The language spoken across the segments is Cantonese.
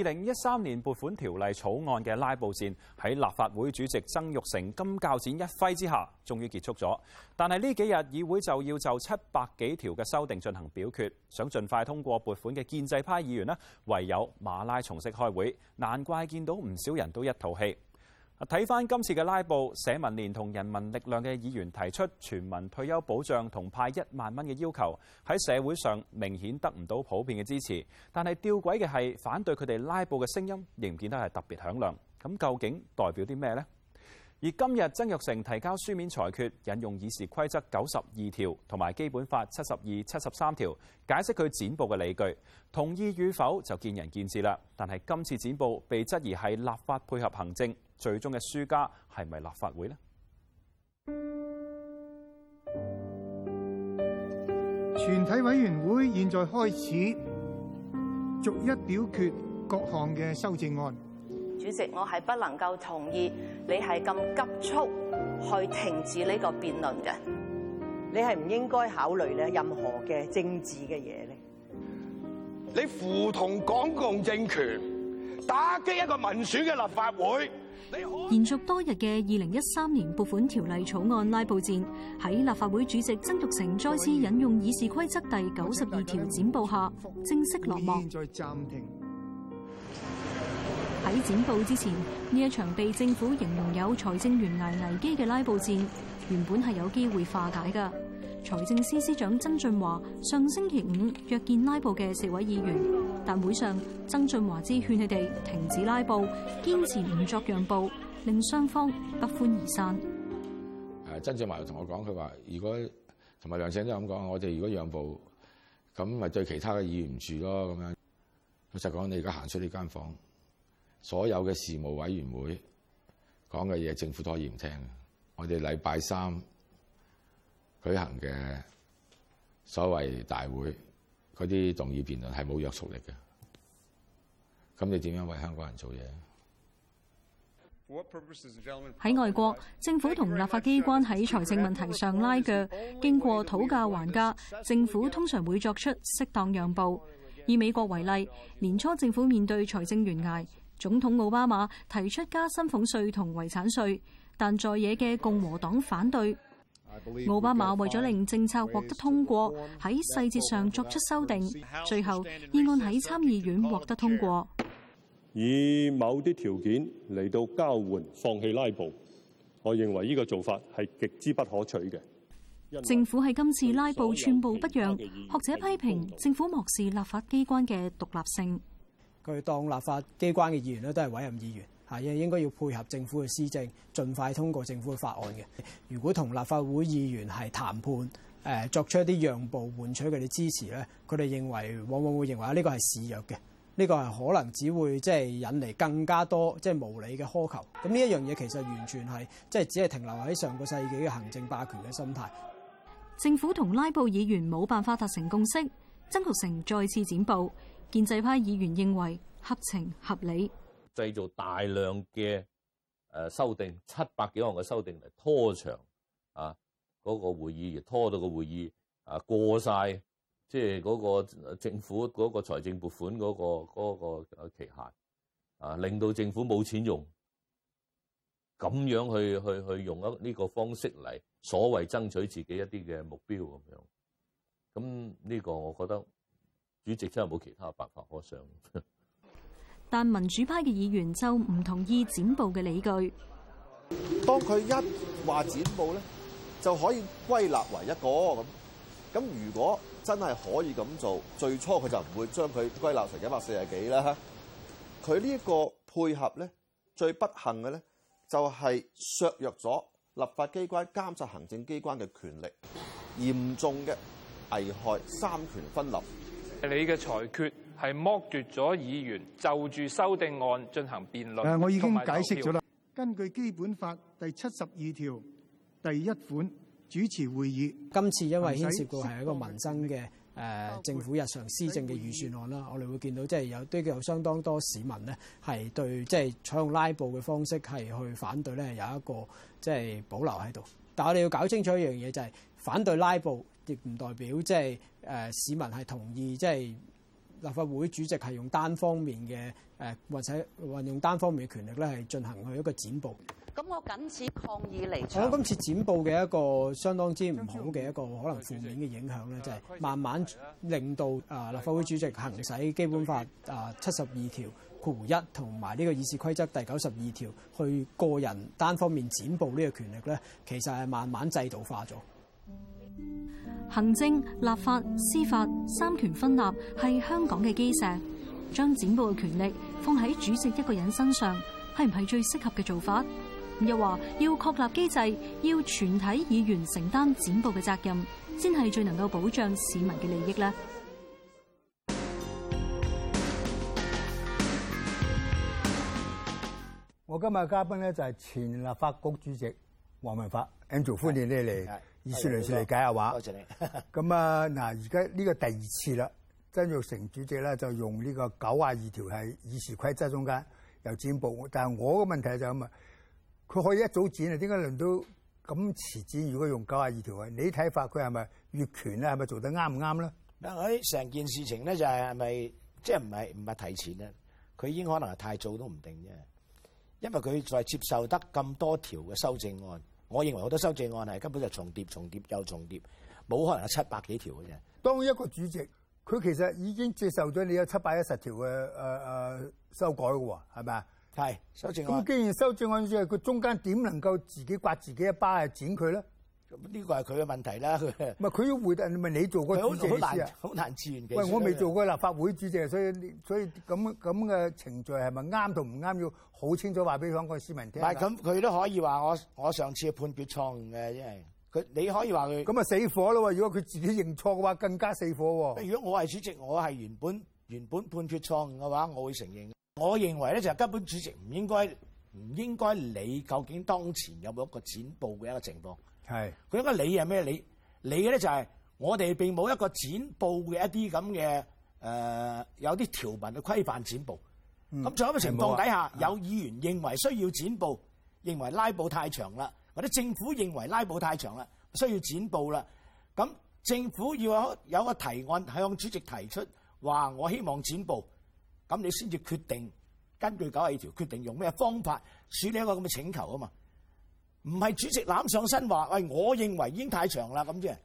二零一三年撥款條例草案嘅拉布戰喺立法會主席曾鈺成金鉸剪一揮之下，終於結束咗。但係呢幾日議會就要就七百幾條嘅修訂進行表決，想盡快通過撥款嘅建制派議員呢，唯有馬拉松式開會，難怪見到唔少人都一肚氣。睇翻今次嘅拉布，社民連同人民力量嘅議員提出全民退休保障同派一萬蚊嘅要求，喺社會上明顯得唔到普遍嘅支持。但係吊詭嘅係反對佢哋拉布嘅聲音，仍唔見得係特別響亮。咁究竟代表啲咩呢？而今日曾鈺成提交書面裁決，引用《議事規則》九十二條同埋《基本法》七十二、七十三條，解釋佢剪布嘅理據。同意與否就見仁見智啦。但係今次剪布被質疑係立法配合行政。最終嘅輸家係咪立法會呢？全體委員會現在開始逐一表決各項嘅修正案。主席，我係不能夠同意你係咁急促去停止呢個辯論嘅。你係唔應該考慮咧任何嘅政治嘅嘢咧。你扶同港共政權打擊一個民主嘅立法會。延續多日嘅二零一三年撥款條例草案拉布戰，喺立法會主席曾鈺成再次引用議事規則第九十二條剪布下，正式落幕。喺剪布之前，呢一場被政府形容有財政懸崖危機嘅拉布戰，原本係有機會化解㗎。財政司司長曾俊華上星期五約見拉布嘅四位議員，但會上曾俊華之勸佢哋停止拉布，堅持唔作讓步，令雙方不歡而散。誒，曾俊華又同我講，佢話如果同埋梁生都咁講，我哋如果讓步，咁咪對其他嘅議員唔住咯。咁樣老實講，你而家行出呢間房，所有嘅事務委員會講嘅嘢，政府都可以唔聽。我哋禮拜三。舉行嘅所謂大會，嗰啲動議辯論係冇約束力嘅。咁你點樣為香港人做嘢？喺外國，政府同立法機關喺財政問題上拉鋸，經過討價還價，政府通常會作出適當讓步。以美國為例，年初政府面對財政懸崖，總統奧巴馬提出加薪俸稅同遺產稅，但在野嘅共和黨反對。奧巴馬為咗令政策獲得通過，喺細節上作出修訂，最後議案喺參議院獲得通過。以某啲條件嚟到交換放棄拉布，我認為呢個做法係極之不可取嘅。政府喺今次拉布寸步不讓，學者批評政府漠視立法機關嘅獨立性。佢當立法機關嘅議員咧，都係委任議員。係應應該要配合政府嘅施政，盡快通過政府嘅法案嘅。如果同立法會議員係談判，誒作出一啲讓步，換取佢哋支持咧，佢哋認為往往會認為呢個係示弱嘅，呢個係可能只會即係引嚟更加多即係無理嘅苛求。咁呢一樣嘢其實完全係即係只係停留喺上個世紀嘅行政霸權嘅心態。政府同拉布議員冇辦法達成共識，曾鈺成再次剪布，建制派議員認為合情合理。製造大量嘅誒修訂，七百幾項嘅修訂嚟拖長啊嗰個會議，而拖到個會議啊過晒，即係嗰個政府嗰個財政撥款嗰個嗰個期限啊，令到政府冇錢用，咁樣去去去用一呢個方式嚟所謂爭取自己一啲嘅目標咁樣，咁呢個我覺得主席真係冇其他辦法可想。但民主派嘅議員就唔同意剪布嘅理據。當佢一話剪布咧，就可以歸納為一個咁。咁如果真係可以咁做，最初佢就唔會將佢歸納成一百四十幾啦。佢呢一個配合咧，最不幸嘅咧就係削弱咗立法機關監察行政機關嘅權力，嚴重嘅危害三權分立。你嘅裁決係剝奪咗議員就住修訂案進行辯論，我已經解釋咗啦，同埋投票。根據《基本法》第七十二條第一款，主持會議。今次因為牽涉到係一個民生嘅誒政府日常施政嘅預算案啦，我哋會見到即係有都有相當多市民呢係對，即係採用拉布嘅方式係去反對咧，有一個即係、就是、保留喺度。但係我哋要搞清楚一樣嘢，就係、是、反對拉布。亦唔代表即係誒、呃、市民係同意，即係立法會主席係用單方面嘅誒或者運用單方面嘅權力咧，係進行去一個剪布。咁我僅此抗議嚟。我今次剪布嘅一個相當之唔好嘅一個可能負面嘅影響咧，就係、是、慢慢令到誒立法會主席行使《基本法》啊七十二條括弧一同埋呢個議事規則第九十二條去個人單方面剪布呢個權力咧，其實係慢慢制度化咗。行政、立法、司法三權分立係香港嘅基石，將剪布嘅權力放喺主席一個人身上，係唔係最適合嘅做法？又話要確立機制，要全體議員承擔剪布嘅責任，先係最能夠保障市民嘅利益啦。我今日嘅嘉賓咧就係前立法局主席黃宏發，Andrew，歡迎你嚟。以事論事嚟解下話，咁多謝你 啊嗱，而家呢個第二次啦，曾鈺成主席咧就用呢個九十二條喺議事規則中間又剪布，但係我嘅問題就咁、是、啊，佢可以一早剪，啊，點解輪到咁遲剪？如果用九十二條啊，你睇法佢係咪越權咧？係咪做得啱唔啱咧？但誒成件事情咧就係係咪即係唔係唔係提前咧？佢已經可能係太早都唔定啫，因為佢再接受得咁多條嘅修正案。我認為好多修正案係根本就重疊、重疊又重疊，冇可能有七百幾條嘅啫。當一個主席，佢其實已經接受咗你有七百一十條嘅呃、呃、修改嘅喎，係咪啊？係修正案。咁既然修正案，佢中間點能夠自己刮自己一巴去剪佢咧？呢個係佢嘅問題啦。唔係佢要回答，你，係你做過主席事好難，難自願嘅。喂，我未做過立法會主席，所以所以咁咁嘅程序係咪啱同唔啱，要好清楚話俾香港嘅市民聽。但係咁，佢都可以話我我上次判決錯誤嘅，因為佢你可以話佢咁啊，死火咯。如果佢自己認錯嘅話，更加死火喎。如果我係主席，我係原本原本判決錯誤嘅話，我會承認的。我認為咧就根本主席唔應該唔應該理究竟當前有冇一個剪布嘅一個情況。係，佢是應該理係咩理？理咧就係我哋並冇一個剪布嘅一啲咁嘅誒，有啲條文嘅規範剪布。咁在咁嘅情況底下，嗯、有議員認為需要剪布，認為拉布太長啦，或者政府認為拉布太長啦，需要剪布啦。咁政府要有一個提案向主席提出，話我希望剪布，咁你先至決定根據九廿二條決定用咩方法處理一個咁嘅請求啊嘛。唔係主席攬上身話，喂，我認為已經太長啦咁啫，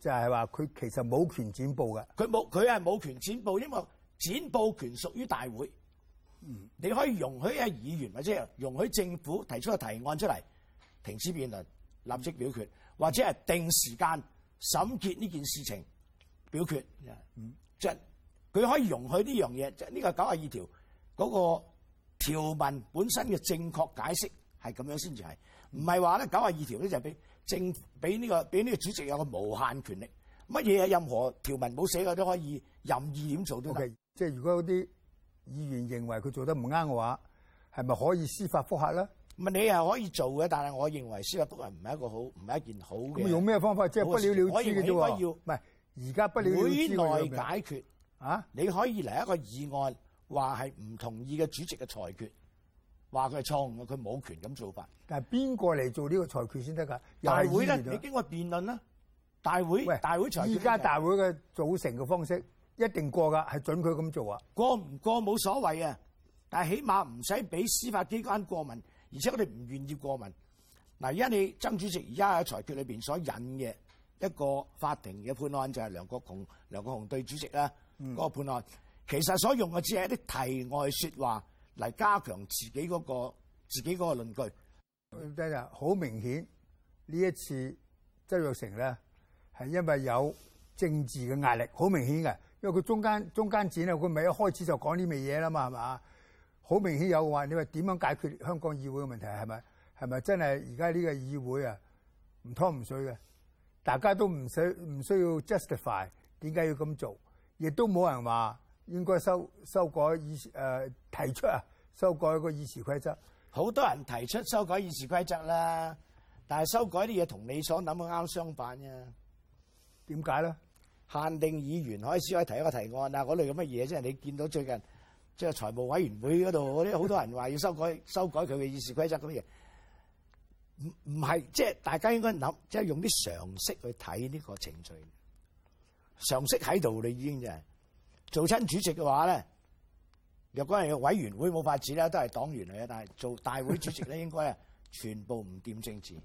就係話佢其實冇權剪布嘅。佢冇，佢係冇權剪布，因為剪布權屬於大會。嗯，你可以容許一議員或者容許政府提出個提案出嚟，停止辯論立即表決，或者係定時間審結呢件事情表決。嗯，即係佢可以容許呢樣嘢，即係呢個九啊二條嗰個條文本身嘅正確解釋係咁樣先至係。唔係話咧，九廿二條咧就俾政俾呢個俾呢個主席有個無限權力，乜嘢啊？任何條文冇寫嘅都可以任意點做都 o、okay, 即係如果嗰啲議員認為佢做得唔啱嘅話，係咪可以司法覆核咧？唔係，你係可以做嘅，但係我認為司法覆核唔係一個好，唔係一件好。咁用咩方法？即係不了了之嘅啫喎。唔係而家不了了之的，會內解決啊？你可以嚟一個議案話係唔同意嘅主席嘅裁決。話佢係錯誤嘅，佢冇權咁做法。但係邊個嚟做呢個裁決先得㗎？大會咧，你經過辯論啦，大會，喂大會裁決。依家大會嘅組成嘅方式一定過㗎，係準佢咁做啊。過唔過冇所謂啊，但係起碼唔使俾司法機關過問，而且佢哋唔願意過問。嗱，而家你曾主席而家喺裁決裏邊所引嘅一個法庭嘅判案就係、是、梁國雄，梁國雄對主席啦嗰、嗯、個判案，其實所用嘅只係一啲題外説話。嚟加強自己嗰、那個自己嗰個論據，真係好明顯。呢一次曾鈺成咧係因為有政治嘅壓力，好明顯嘅。因為佢中間中間剪咧，佢唔係一開始就講呢味嘢啦嘛，係嘛？好明顯有話，你話點樣解決香港議會嘅問題係咪？係咪真係而家呢個議會啊唔湯唔水嘅？大家都唔需唔需要 justify？點解要咁做？亦都冇人話。應該修修改議誒、呃、提出啊，修改個議事規則。好多人提出修改議事規則啦，但係修改啲嘢同你所諗嘅啱相反啫。點解咧？限定議員可以只可以提一個提案嗱，嗰類咁嘅嘢，即係你見到最近即係財務委員會嗰度嗰啲好多人話要修改 修改佢嘅議事規則咁嘅嘢，唔唔係，即係大家應該諗，即係用啲常識去睇呢個程序，常識喺度你已經就係。做親主席嘅話咧，若果係個委員會冇法子咧，都係黨員嚟嘅。但係做大會主席咧，應該啊全部唔掂政治。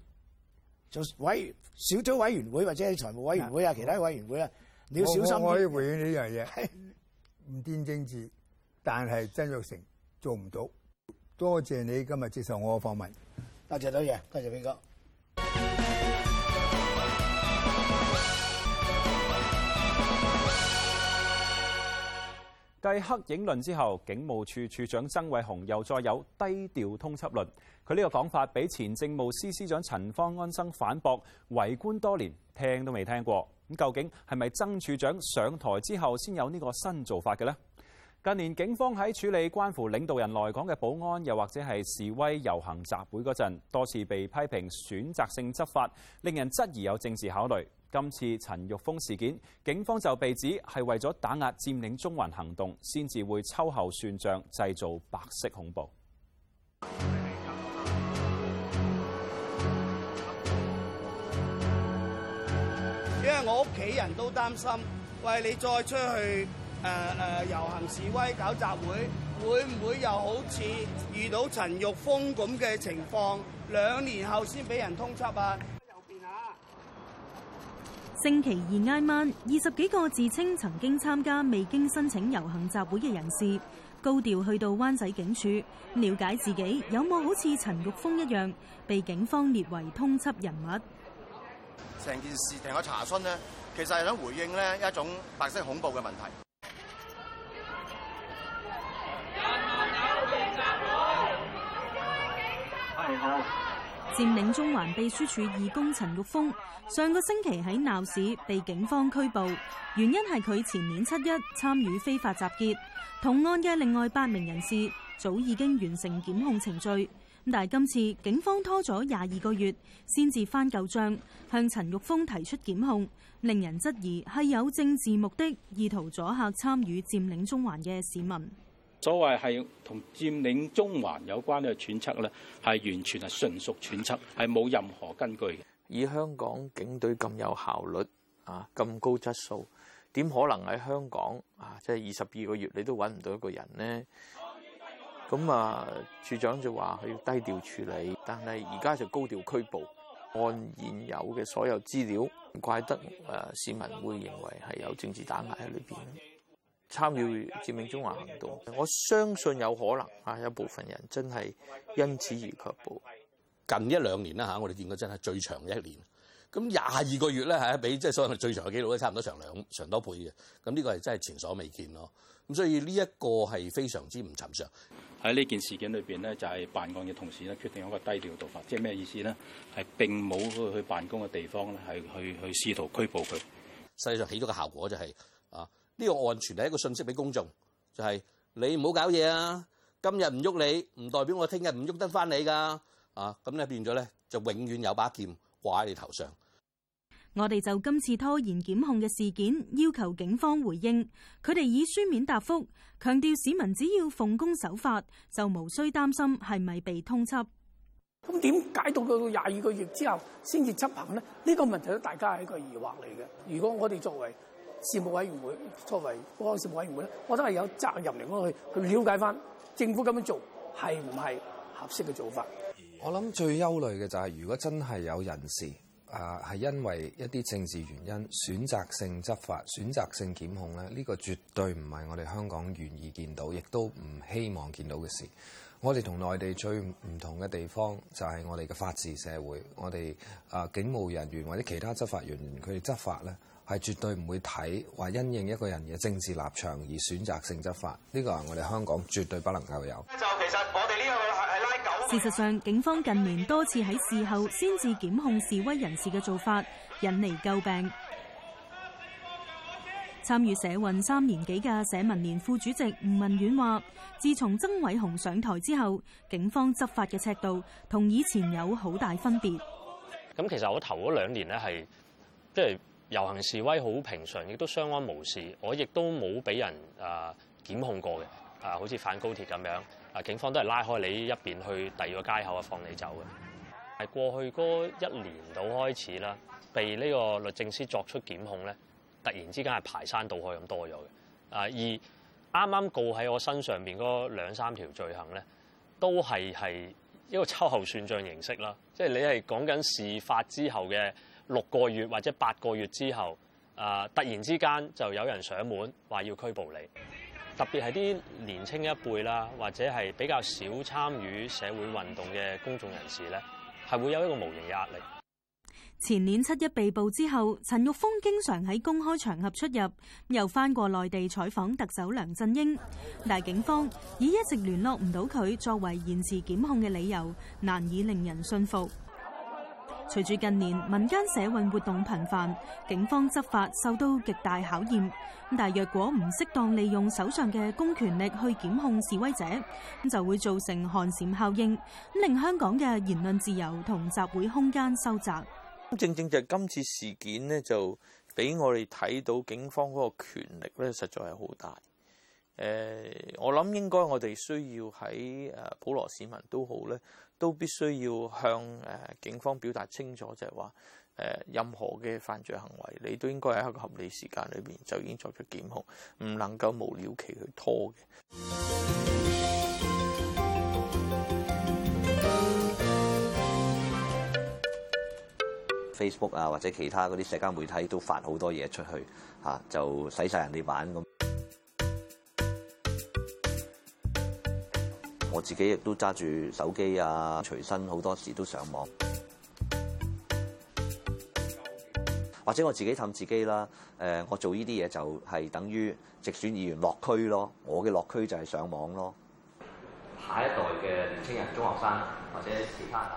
做委小組委員會或者財務委員會啊，其他委員會啊，我你要小心我，我，我可以回應你呢樣嘢，唔掂是政治，但係曾鈺成做唔到。多謝你今日接受我嘅訪問。多謝多謝，多謝飛哥。繼黑影論之後，警務處處長曾偉雄又再有低調通緝論。佢呢個講法，俾前政務司司長陳方安生反駁。為官多年，聽都未聽過。咁究竟係咪曾處長上台之後先有呢個新做法嘅呢？近年警方喺處理關乎領導人來港嘅保安，又或者係示威遊行集會嗰陣，多次被批評選擇性執法，令人質疑有政治考慮。今次陳玉峰事件，警方就被指係為咗打壓佔領中環行動，先至會秋後算賬，製造白色恐怖。因為我屋企人都擔心，喂，你再出去，誒誒遊行示威搞集會，會唔會又好似遇到陳玉峰咁嘅情況？兩年後先俾人通緝啊！星期二挨晚，二十幾個自稱曾經參加未經申請遊行集會嘅人士，高調去到灣仔警署，了解自己有冇好似陳玉峰一樣被警方列為通緝人物。成件事成個查詢呢，其實係想回應呢一種白色恐怖嘅問題。佔領中環秘書處義工陳玉峰上個星期喺鬧市被警方拘捕，原因係佢前年七一參與非法集結。同案嘅另外八名人士早已經完成檢控程序，但係今次警方拖咗廿二個月先至翻舊賬，向陳玉峰提出檢控，令人質疑係有政治目的，意圖阻嚇參與佔領中環嘅市民。所謂係同佔領中環有關嘅揣測咧，係完全係純屬揣測，係冇任何根據嘅。以香港警隊咁有效率啊，咁高質素，點可能喺香港啊，即係二十二個月你都揾唔到一個人呢？咁啊，處長就話佢要低調處理，但係而家就高調拘捕。按現有嘅所有資料，唔怪得誒、啊、市民會認為係有政治打壓喺裏邊。參與佔領中環行動，我相信有可能嚇有部分人真係因此而卻步。近一兩年啦嚇，我哋見過真係最長嘅一年。咁廿二個月咧嚇，比即係所謂最長嘅紀錄都差唔多長兩長多倍嘅。咁呢個係真係前所未見咯。咁所以呢一個係非常之唔尋常。喺呢件事件裏邊咧，就係辦案嘅同時咧，決定一個低調嘅做法，即係咩意思咧？係並冇去去辦公嘅地方咧，係去去試圖拘捕佢。實際上起咗嘅效果就係、是。呢個案傳係一個信息俾公眾，就係你唔好搞嘢啊！今日唔喐你，唔代表我聽日唔喐得翻你㗎啊！咁咧變咗咧，就永遠有把劍掛喺你頭上。我哋就今次拖延檢控嘅事件，要求警方回應，佢哋以書面答覆，強調市民只要奉公守法，就無需擔心係咪被通緝。咁點解到到廿二個月之後先至執行咧？呢個問題都大家係一個疑惑嚟嘅。如果我哋作為事務委員會作為保安事務委員會咧，我都係有責任嚟幫佢去了解翻政府咁樣做係唔係合適嘅做法。我諗最憂慮嘅就係、是，如果真係有人士啊，係因為一啲政治原因選擇性執法、選擇性檢控咧，呢、這個絕對唔係我哋香港願意見到，亦都唔希望見到嘅事。我哋同內地最唔同嘅地方就係、是、我哋嘅法治社會，我哋啊警務人員或者其他執法人員佢哋執法咧。係絕對唔會睇話，因應一個人嘅政治立場而選擇性執法。呢個係我哋香港絕對不能夠有。事實上，警方近年多次喺事後先至檢控示威人士嘅做法，引嚟詬病。參與社運三年幾嘅社民連副主席吳文遠話，自從曾偉雄上台之後，警方執法嘅尺度同以前有好大分別。咁其實我頭嗰兩年呢，係即係。遊行示威好平常，亦都相安無事，我亦都冇俾人誒檢控過嘅，誒好似反高鐵咁樣，誒警方都係拉開你一邊去第二個街口啊放你走嘅。係過去嗰一年度開始啦，被呢個律政司作出檢控咧，突然之間係排山倒海咁多咗嘅，誒而啱啱告喺我身上邊嗰兩三條罪行咧，都係係一個秋後算帳形式啦，即係你係講緊事發之後嘅。六個月或者八個月之後，誒、啊、突然之間就有人上門話要拘捕你，特別係啲年青一輩啦，或者係比較少參與社會運動嘅公眾人士呢，係會有一個無形嘅壓力。前年七一被捕之後，陳玉峰經常喺公開場合出入，又返過內地採訪特首梁振英，但警方以一直聯絡唔到佢作為延遲檢控嘅理由，難以令人信服。隨住近年民間社運活動頻繁，警方執法受到極大考驗。但若果唔適當利用手上嘅公權力去檢控示威者，咁就會造成寒蟬效應，令香港嘅言論自由同集會空間收窄。正正就係今次事件呢，就俾我哋睇到警方嗰個權力咧，實在係好大。誒、呃，我諗應該我哋需要喺誒普羅市民都好咧。都必須要向誒警方表達清楚就，就係話誒任何嘅犯罪行為，你都應該喺一個合理時間裏面，就已經作出檢控，唔能夠無了期去拖嘅。Facebook 啊，或者其他嗰啲社交媒體都發好多嘢出去，啊，就洗晒人哋玩。咁。我自己亦都揸住手機啊，隨身好多時都上網，或者我自己氹自己啦。誒，我做呢啲嘢就係等於直選議員落區咯。我嘅落區就係上網咯。下一代嘅年輕人，中學生或者其他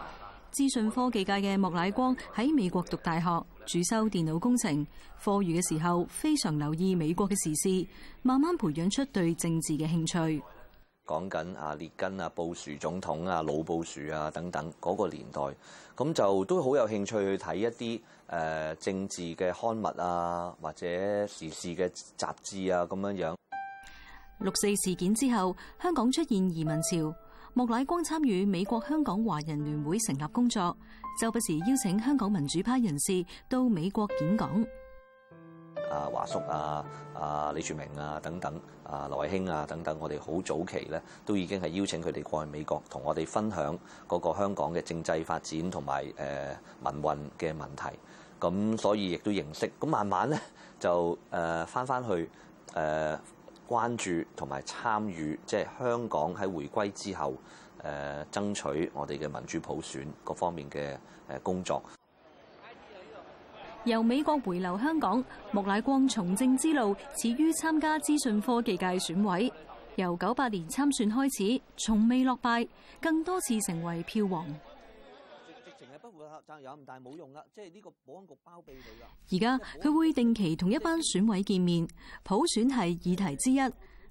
資訊科技界嘅莫乃光喺美國讀大學，主修電腦工程。課餘嘅時候，非常留意美國嘅時事，慢慢培養出對政治嘅興趣。講緊啊，列根啊，布殊總統啊，老布殊啊等等嗰個年代，咁就都好有興趣去睇一啲誒、呃、政治嘅刊物啊，或者時事嘅雜誌啊咁樣樣。六四事件之後，香港出現移民潮。莫乃光參與美國香港華人聯會成立工作，周不時邀請香港民主派人士到美國演講。啊，華叔啊，啊李柱銘啊，等等，啊劉慧卿啊，等等，我哋好早期咧，都已經係邀請佢哋過去美國，同我哋分享嗰個香港嘅政制發展同埋誒民運嘅問題。咁所以亦都認識，咁慢慢咧就誒返返去誒、呃、關注同埋參與，即係香港喺回歸之後誒、呃、爭取我哋嘅民主普選各方面嘅誒工作。由美國回流香港，莫乃光從政之路始於參加資訊科技界選委，由九八年參選開始，從未落敗，更多次成為票王。直情係不負責任，有咁大冇用啦，即係呢個保安局包庇佢啊！而家佢會定期同一班選委見面，普選係議題之一。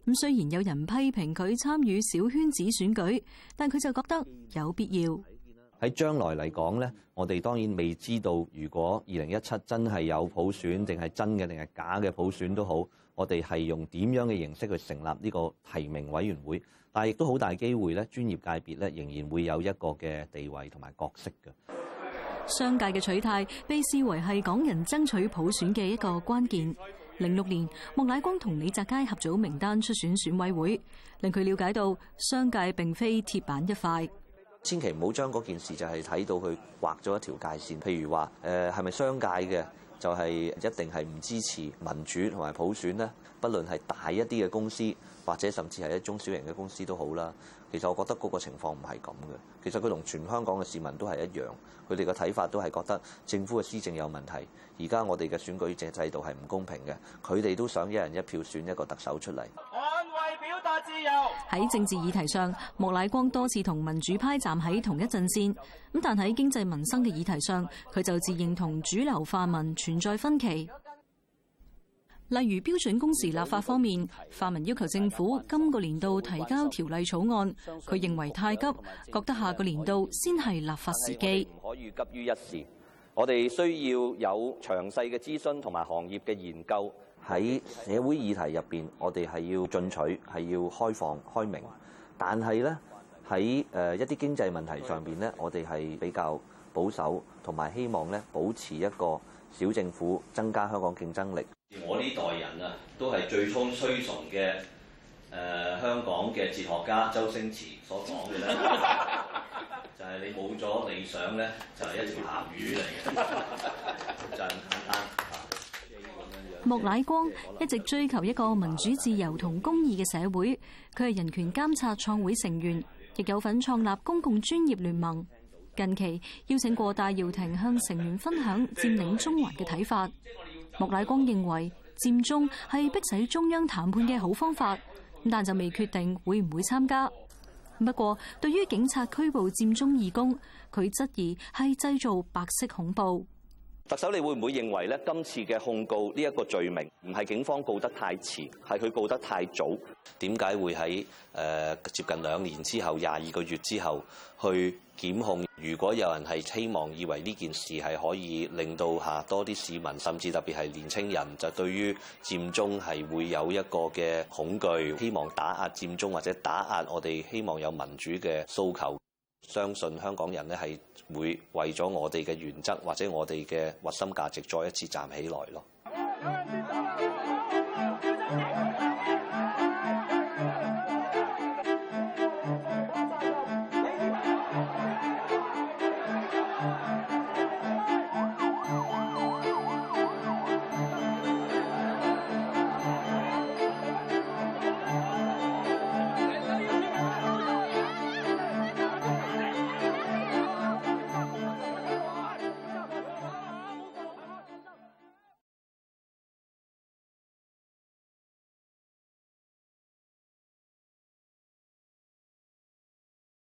咁雖然有人批評佢參與小圈子選舉，但佢就覺得有必要。喺將來嚟講呢，我哋當然未知道，如果二零一七真係有普選，定係真嘅定係假嘅普選都好，我哋係用點樣嘅形式去成立呢個提名委員會，但係亦都好大機會呢，專業界別呢仍然會有一個嘅地位同埋角色嘅。商界嘅取態被視為係港人爭取普選嘅一個關鍵。零六年，莫乃光同李澤楷合組名單出選選委會，令佢了解到商界並非鐵板一塊。千祈唔好將嗰件事就係睇到佢劃咗一條界線，譬如話誒係咪商界嘅就係一定係唔支持民主同埋普選呢？不論係大一啲嘅公司，或者甚至係一中小型嘅公司都好啦。其實我覺得嗰個情況唔係咁嘅。其實佢同全香港嘅市民都係一樣，佢哋嘅睇法都係覺得政府嘅施政有問題。而家我哋嘅選舉制制度係唔公平嘅，佢哋都想一人一票選一個特首出嚟。捍衛表達自由。喺政治議題上，莫乃光多次同民主派站喺同一陣線，咁但喺經濟民生嘅議題上，佢就自認同主流泛民存在分歧。例如標準工時立法方面，泛民要求政府今個年度提交條例草案，佢認為太急，覺得下個年度先係立法時機，唔可以急於一時。我哋需要有詳細嘅諮詢同埋行業嘅研究。喺社會議題入邊，我哋係要進取，係要開放開明。但係呢，喺誒一啲經濟問題上邊呢，我哋係比較保守，同埋希望呢保持一個小政府，增加香港競爭力。我呢代人啊，都係最初推崇嘅誒、呃、香港嘅哲學家周星馳所講嘅咧，就係你冇咗理想呢，就係一條鹹魚嚟嘅，就係咁簡單。莫乃光一直追求一個民主自由同公義嘅社會，佢係人權監察創會成員，亦有份創立公共專業聯盟。近期邀請過戴耀廷向成員分享佔領中環嘅睇法。莫乃光認為佔中係迫使中央談判嘅好方法，但就未決定會唔會參加。不過對於警察拘捕佔中義工，佢質疑係製造白色恐怖。特首，你會唔會認為咧，今次嘅控告呢一個罪名，唔係警方告得太遲，係佢告得太早。點解會喺誒、呃、接近兩年之後，廿二個月之後去檢控？如果有人係希望以為呢件事係可以令到嚇多啲市民，甚至特別係年青人，就對於佔中係會有一個嘅恐懼，希望打壓佔中或者打壓我哋希望有民主嘅訴求。相信香港人咧，係會為咗我哋嘅原則或者我哋嘅核心價值再一次站起來咯。